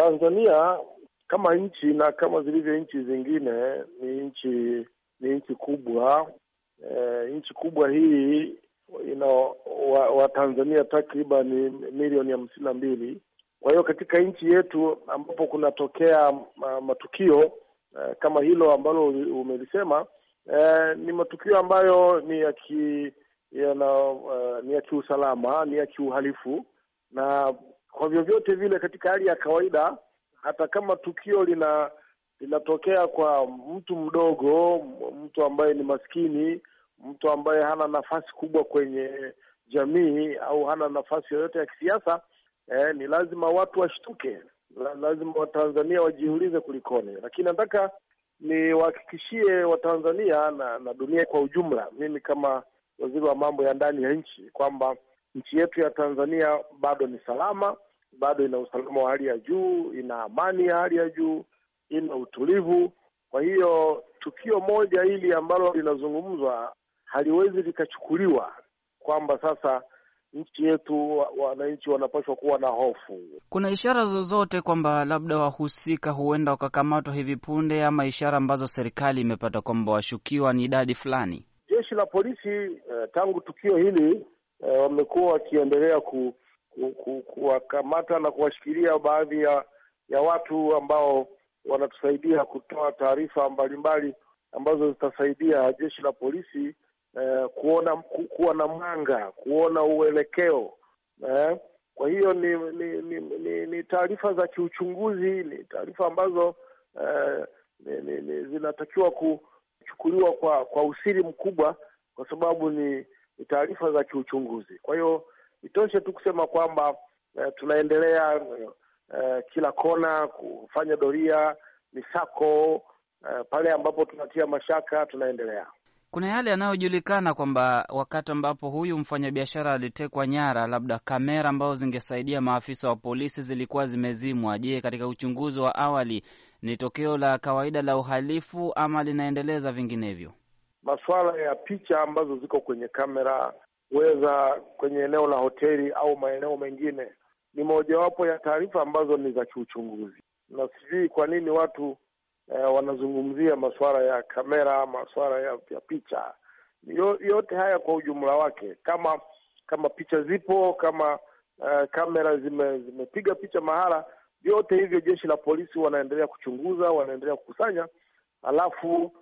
Tanzania kama nchi na kama zilivyo nchi zingine ni nchi ni nchi kubwa. E, nchi kubwa hii ina Watanzania wa takriban milioni hamsini na mbili. Kwa hiyo katika nchi yetu ambapo kunatokea matukio e, kama hilo ambalo umelisema e, ni matukio ambayo ni ya ki, ya na, uh, ni ya kiusalama, ni ya kiuhalifu na kwa vyovyote vile, katika hali ya kawaida, hata kama tukio lina linatokea kwa mtu mdogo, mtu ambaye ni maskini, mtu ambaye hana nafasi kubwa kwenye jamii au hana nafasi yoyote ya kisiasa eh, ni lazima watu washtuke, lazima Watanzania wajiulize kulikoni. Lakini nataka niwahakikishie Watanzania na, na dunia kwa ujumla, mimi kama waziri wa mambo ya ndani ya nchi kwamba nchi yetu ya Tanzania bado ni salama, bado ina usalama wa hali ya juu, ina amani ya hali ya juu, ina utulivu. Kwa hiyo tukio moja hili ambalo linazungumzwa haliwezi likachukuliwa kwamba sasa nchi yetu wananchi wanapaswa kuwa na hofu. Kuna ishara zozote kwamba labda wahusika huenda wakakamatwa hivi punde, ama ishara ambazo serikali imepata kwamba washukiwa ni idadi fulani? Jeshi la polisi eh, tangu tukio hili eh, wamekuwa wakiendelea ku, ku, ku, kuwakamata na kuwashikilia baadhi ya, ya watu ambao wanatusaidia kutoa taarifa mbalimbali ambazo zitasaidia jeshi la polisi eh, kuona ku, kuwa na mwanga, kuona uelekeo eh. Kwa hiyo ni ni, ni, ni, ni taarifa za kiuchunguzi, ni taarifa ambazo eh, ni, ni, ni, zinatakiwa kuchukuliwa kwa kwa usiri mkubwa, kwa sababu ni taarifa za kiuchunguzi. Kwa hiyo itoshe tu kusema kwamba eh, tunaendelea eh, kila kona kufanya doria, misako eh, pale ambapo tunatia mashaka tunaendelea. Kuna yale yanayojulikana kwamba wakati ambapo huyu mfanyabiashara alitekwa nyara, labda kamera ambazo zingesaidia maafisa wa polisi zilikuwa zimezimwa. Je, katika uchunguzi wa awali ni tokeo la kawaida la uhalifu ama linaendeleza vinginevyo? masuala ya picha ambazo ziko kwenye kamera, weza kwenye eneo la hoteli au maeneo mengine, ni mojawapo ya taarifa ambazo ni za kiuchunguzi, na sijui kwa nini watu eh, wanazungumzia masuala ya kamera, masuala ya, ya picha yote haya kwa ujumla wake, kama kama picha zipo, kama uh, kamera zime, zimepiga picha mahala, vyote hivyo jeshi la polisi wanaendelea kuchunguza, wanaendelea kukusanya, alafu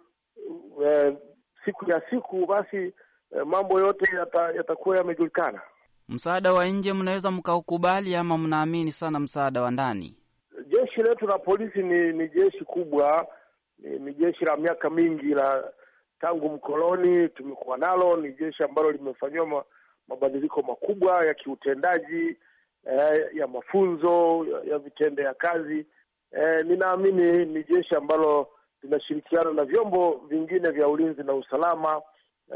uh, siku ya siku, basi eh, mambo yote yatakuwa yata yamejulikana. Msaada wa nje mnaweza mkaukubali, ama mnaamini sana msaada wa ndani? Jeshi letu la polisi ni, ni jeshi kubwa, ni, ni jeshi la miaka mingi la tangu mkoloni tumekuwa nalo. Ni jeshi ambalo limefanyiwa mabadiliko makubwa ya kiutendaji eh, ya mafunzo ya vitendea kazi eh, ninaamini ni jeshi ambalo linashirikiana na vyombo vingine vya ulinzi na usalama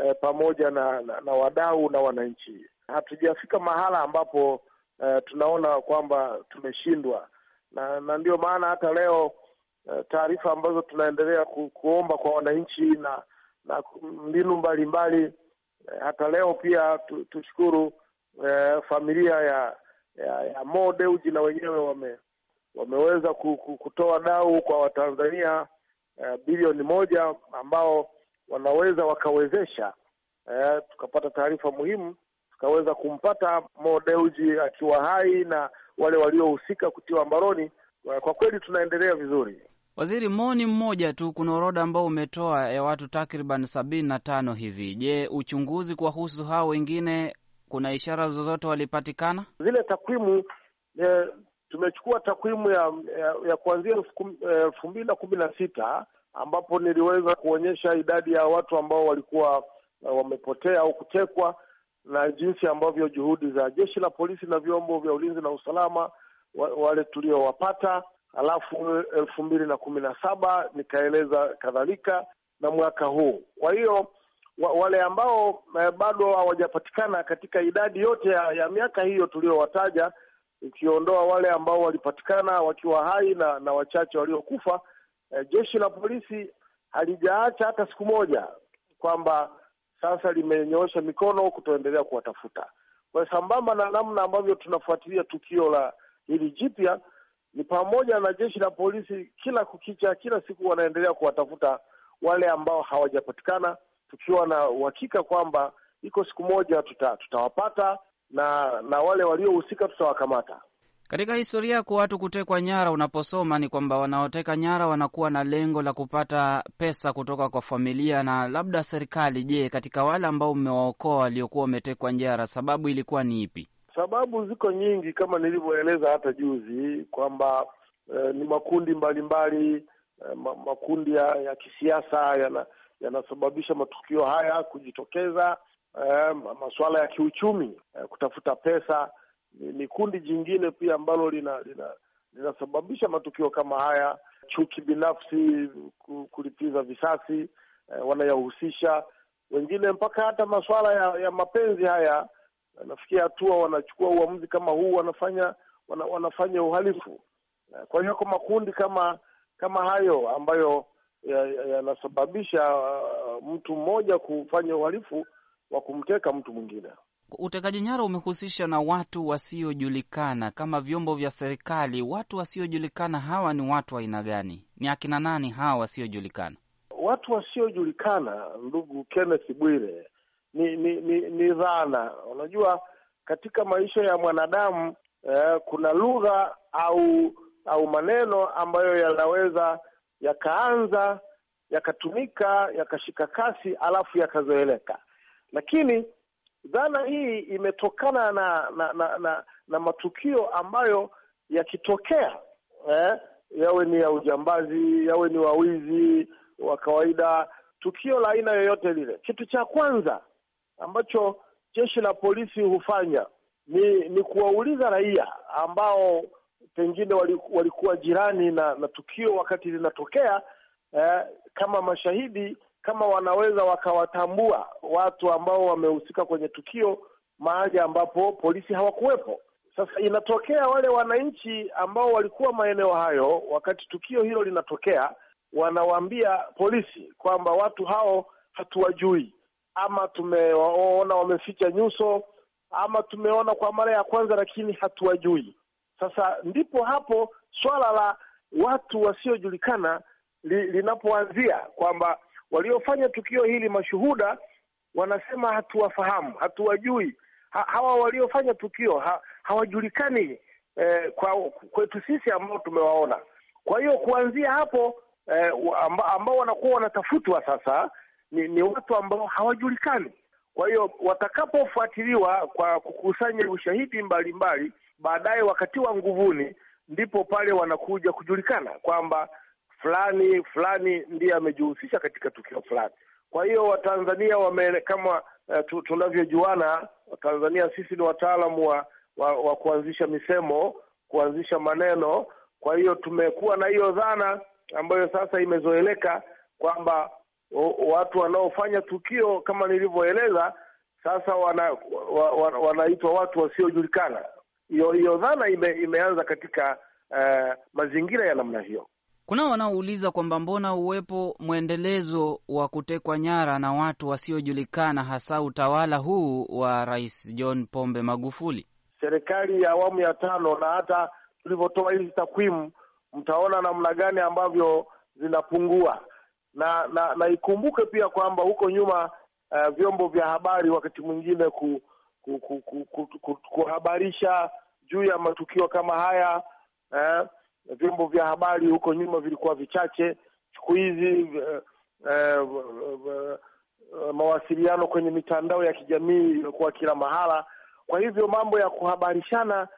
eh, pamoja na, na, na wadau na wananchi. Hatujafika mahala ambapo eh, tunaona kwamba tumeshindwa, na, na ndio maana hata leo eh, taarifa ambazo tunaendelea ku, kuomba kwa wananchi na na mbinu mbalimbali eh, hata leo pia tu, tushukuru eh, familia ya ya, ya Mo Dewji na wenyewe wame, wameweza kutoa dau kwa Watanzania uh, bilioni moja ambao wanaweza wakawezesha uh, tukapata taarifa muhimu tukaweza kumpata Mo Dewji akiwa hai na wale waliohusika kutiwa mbaroni. Eh, kwa kweli tunaendelea vizuri. Waziri, Mo ni mmoja tu, kuna orodha ambao umetoa ya watu takriban sabini na tano hivi. Je, uchunguzi kuwahusu hao wengine, kuna ishara zozote walipatikana? Zile takwimu tumechukua takwimu ya, ya, ya kuanzia elfu mbili na kumi na sita ambapo niliweza kuonyesha idadi ya watu ambao walikuwa e, wamepotea au kutekwa na jinsi ambavyo juhudi za jeshi la polisi na vyombo vya ulinzi na usalama wale tuliowapata. Alafu elfu mbili na kumi na saba nikaeleza kadhalika na mwaka huu. Kwa hiyo wa, wale ambao e, bado hawajapatikana katika idadi yote ya, ya miaka hiyo tuliyowataja ikiondoa wale ambao walipatikana wakiwa hai na, na wachache waliokufa. E, jeshi la polisi halijaacha hata siku moja kwamba sasa limenyoosha mikono kutoendelea kuwatafuta. Kwa sambamba na namna ambavyo tunafuatilia tukio la hili jipya ni pamoja na jeshi la polisi kila kukicha, kila siku wanaendelea kuwatafuta wale ambao hawajapatikana, tukiwa na uhakika kwamba iko siku moja tuta, tutawapata na na wale waliohusika tutawakamata. Katika historia ya watu kutekwa nyara, unaposoma ni kwamba wanaoteka nyara wanakuwa na lengo la kupata pesa kutoka kwa familia na labda serikali. Je, katika wale ambao mmewaokoa waliokuwa wametekwa nyara, sababu ilikuwa ni ipi? Sababu ziko nyingi kama nilivyoeleza hata juzi kwamba eh, ni makundi mbalimbali eh, makundi ya, ya kisiasa yanasababisha ya matukio haya kujitokeza eh, masuala ya kiuchumi eh, kutafuta pesa ni, ni kundi jingine pia ambalo linasababisha lina, matukio kama haya, chuki binafsi, kulipiza visasi eh, wanayahusisha wengine mpaka hata masuala ya, ya mapenzi haya. Eh, nafikia hatua wanachukua uamuzi kama huu, wanafanya wana, wanafanya uhalifu. Eh, kwa hiyo yako makundi kama kama hayo ambayo yanasababisha ya, ya uh, mtu mmoja kufanya uhalifu wa kumteka mtu mwingine. Utekaji nyara umehusisha na watu wasiojulikana kama vyombo vya serikali. Watu wasiojulikana hawa ni watu wa aina gani? Ni akina nani hawa wasiojulikana? Watu wasiojulikana, ndugu Kenneth Bwire, ni ni, ni ni dhana. Unajua, katika maisha ya mwanadamu eh, kuna lugha au au maneno ambayo yanaweza yakaanza yakatumika yakashika kasi alafu yakazoeleka. Lakini dhana hii imetokana na na, na, na, na matukio ambayo yakitokea eh, yawe ni ya ujambazi, yawe ni wawizi wa kawaida, tukio la aina yoyote lile, kitu cha kwanza ambacho jeshi la polisi hufanya ni ni kuwauliza raia ambao pengine walikuwa jirani na, na tukio wakati linatokea eh, kama mashahidi kama wanaweza wakawatambua watu ambao wamehusika kwenye tukio mahali ambapo polisi hawakuwepo. Sasa inatokea wale wananchi ambao walikuwa maeneo hayo wakati tukio hilo linatokea, wanawaambia polisi kwamba watu hao hatuwajui, ama tumewaona wameficha nyuso, ama tumeona kwa mara ya kwanza, lakini hatuwajui. Sasa ndipo hapo swala la watu wasiojulikana li, linapoanzia kwamba Waliofanya tukio hili mashuhuda wanasema hatuwafahamu, hatuwajui. Ha, hawa waliofanya tukio ha, hawajulikani eh, kwa kwetu sisi ambao tumewaona. Kwa hiyo kuanzia hapo eh, amba, ambao wanakuwa wanatafutwa sasa ni, ni watu ambao hawajulikani. Kwa hiyo watakapofuatiliwa kwa kukusanya ushahidi mbalimbali, baadaye wakatiwa nguvuni, ndipo pale wanakuja kujulikana kwamba fulani fulani ndiye amejihusisha katika tukio fulani. Kwa hiyo Watanzania wame kama uh, tunavyojuana Watanzania sisi ni wataalamu wa, wa, wa kuanzisha misemo, kuanzisha maneno. Kwa hiyo tumekuwa na hiyo dhana ambayo sasa imezoeleka kwamba watu wanaofanya tukio kama nilivyoeleza sasa wanaitwa wa, wa, wanaitwa watu wasiojulikana. Hiyo hiyo dhana ime, imeanza katika uh, mazingira ya namna hiyo. Kuna wanaouliza kwamba mbona uwepo mwendelezo wa kutekwa nyara na watu wasiojulikana, hasa utawala huu wa Rais John Pombe Magufuli, serikali ya awamu ya tano, na hata tulivyotoa hizi takwimu mtaona namna gani ambavyo zinapungua na na, na ikumbuke pia kwamba huko nyuma uh, vyombo vya habari wakati mwingine ku, ku, ku, ku, ku, ku, kuhabarisha juu ya matukio kama haya eh, Vyombo vya habari huko nyuma vilikuwa vichache. Siku hizi uh, uh, uh, uh, uh, mawasiliano kwenye mitandao ya kijamii imekuwa kila mahala. Kwa hivyo mambo ya kuhabarishana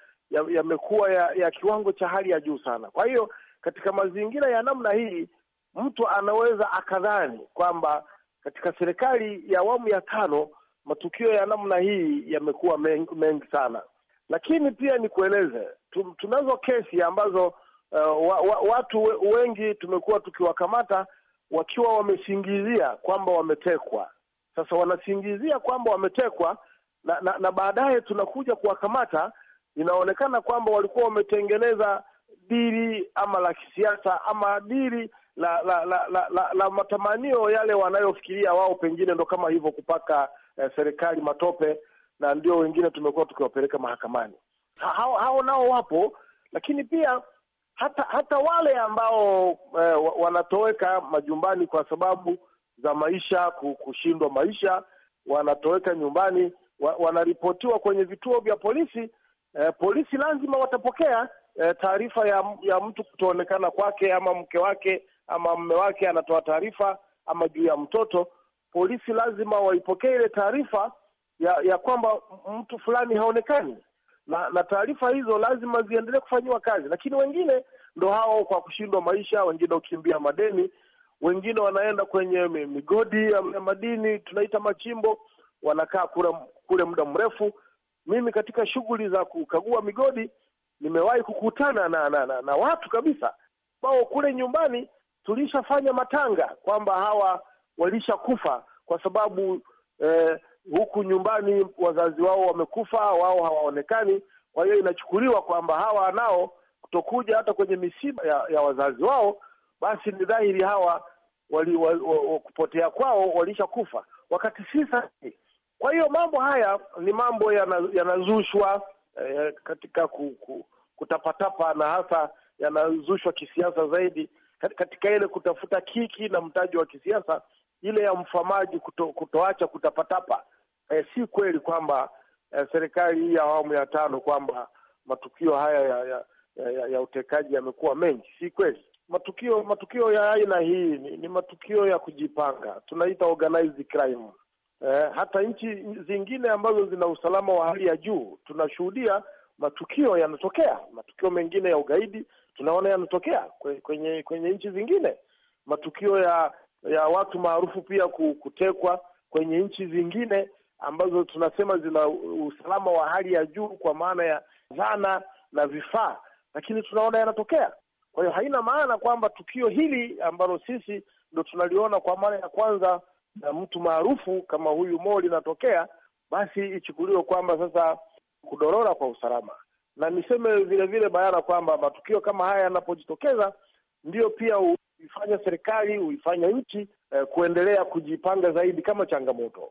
yamekuwa ya, ya, ya kiwango cha hali ya juu sana. Kwa hiyo katika mazingira ya namna hii, mtu anaweza akadhani kwamba katika serikali ya awamu ya tano matukio ya namna hii yamekuwa mengi, mengi sana, lakini pia nikueleze tunazo kesi ambazo uh, wa, wa, watu wengi tumekuwa tukiwakamata wakiwa wamesingizia kwamba wametekwa. Sasa wanasingizia kwamba wametekwa na, na, na baadaye tunakuja kuwakamata, inaonekana kwamba walikuwa wametengeneza dili ama la kisiasa ama dili la la, la, la, la, la matamanio yale wanayofikiria wao, pengine ndo kama hivyo kupaka eh, serikali matope, na ndio wengine tumekuwa tukiwapeleka mahakamani. Hao, hao nao wapo, lakini pia hata hata wale ambao eh, wanatoweka majumbani kwa sababu za maisha, kushindwa maisha, wanatoweka nyumbani, wa, wanaripotiwa kwenye vituo vya polisi. Eh, polisi lazima watapokea eh, taarifa ya, ya mtu kutoonekana kwake ama mke wake ama mme wake anatoa taarifa ama juu ya mtoto. Polisi lazima waipokee ile taarifa ya, ya kwamba mtu fulani haonekani na, na taarifa hizo lazima ziendelee kufanyiwa kazi, lakini wengine ndo hao kwa kushindwa maisha, wengine wakimbia madeni, wengine wanaenda kwenye migodi ya madini tunaita machimbo, wanakaa kule muda mrefu. Mimi katika shughuli za kukagua migodi nimewahi kukutana na, na, na, na watu kabisa ambao kule nyumbani tulishafanya matanga kwamba hawa walishakufa kwa sababu eh, huku nyumbani wazazi wao wamekufa, wao hawaonekani. Kwa hiyo inachukuliwa kwamba hawa nao kutokuja hata kwenye misiba ya, ya wazazi wao, basi ni dhahiri hawa wali, wali, wali, kupotea kwao walishakufa wakati si sahihi. Kwa hiyo mambo haya ni mambo yanazushwa ya eh, katika ku, ku, kutapatapa na hasa yanazushwa kisiasa zaidi katika ile kutafuta kiki na mtaji wa kisiasa ile ya mfamaji kuto, kutoacha kutapatapa eh, si kweli kwamba eh, serikali hii ya awamu ya tano kwamba matukio haya ya, ya, ya, ya utekaji yamekuwa mengi. Si kweli. Matukio matukio ya aina hii ni, ni matukio ya kujipanga, tunaita organized crime. Eh, hata nchi zingine ambazo zina usalama wa hali ya juu tunashuhudia matukio yanatokea, matukio mengine ya ugaidi tunaona yanatokea kwenye kwenye nchi zingine, matukio ya ya watu maarufu pia kutekwa kwenye nchi zingine ambazo tunasema zina usalama wa hali ya juu kwa maana ya dhana na vifaa, lakini tunaona yanatokea. Kwa hiyo haina maana kwamba tukio hili ambalo sisi ndo tunaliona kwa mara ya kwanza na mtu maarufu kama huyu Mo linatokea, basi ichukuliwe kwamba sasa kudorora kwa usalama. Na niseme vile vile bayana kwamba matukio kama haya yanapojitokeza ndiyo pia huifanya serikali huifanya nchi eh, kuendelea kujipanga zaidi kama changamoto.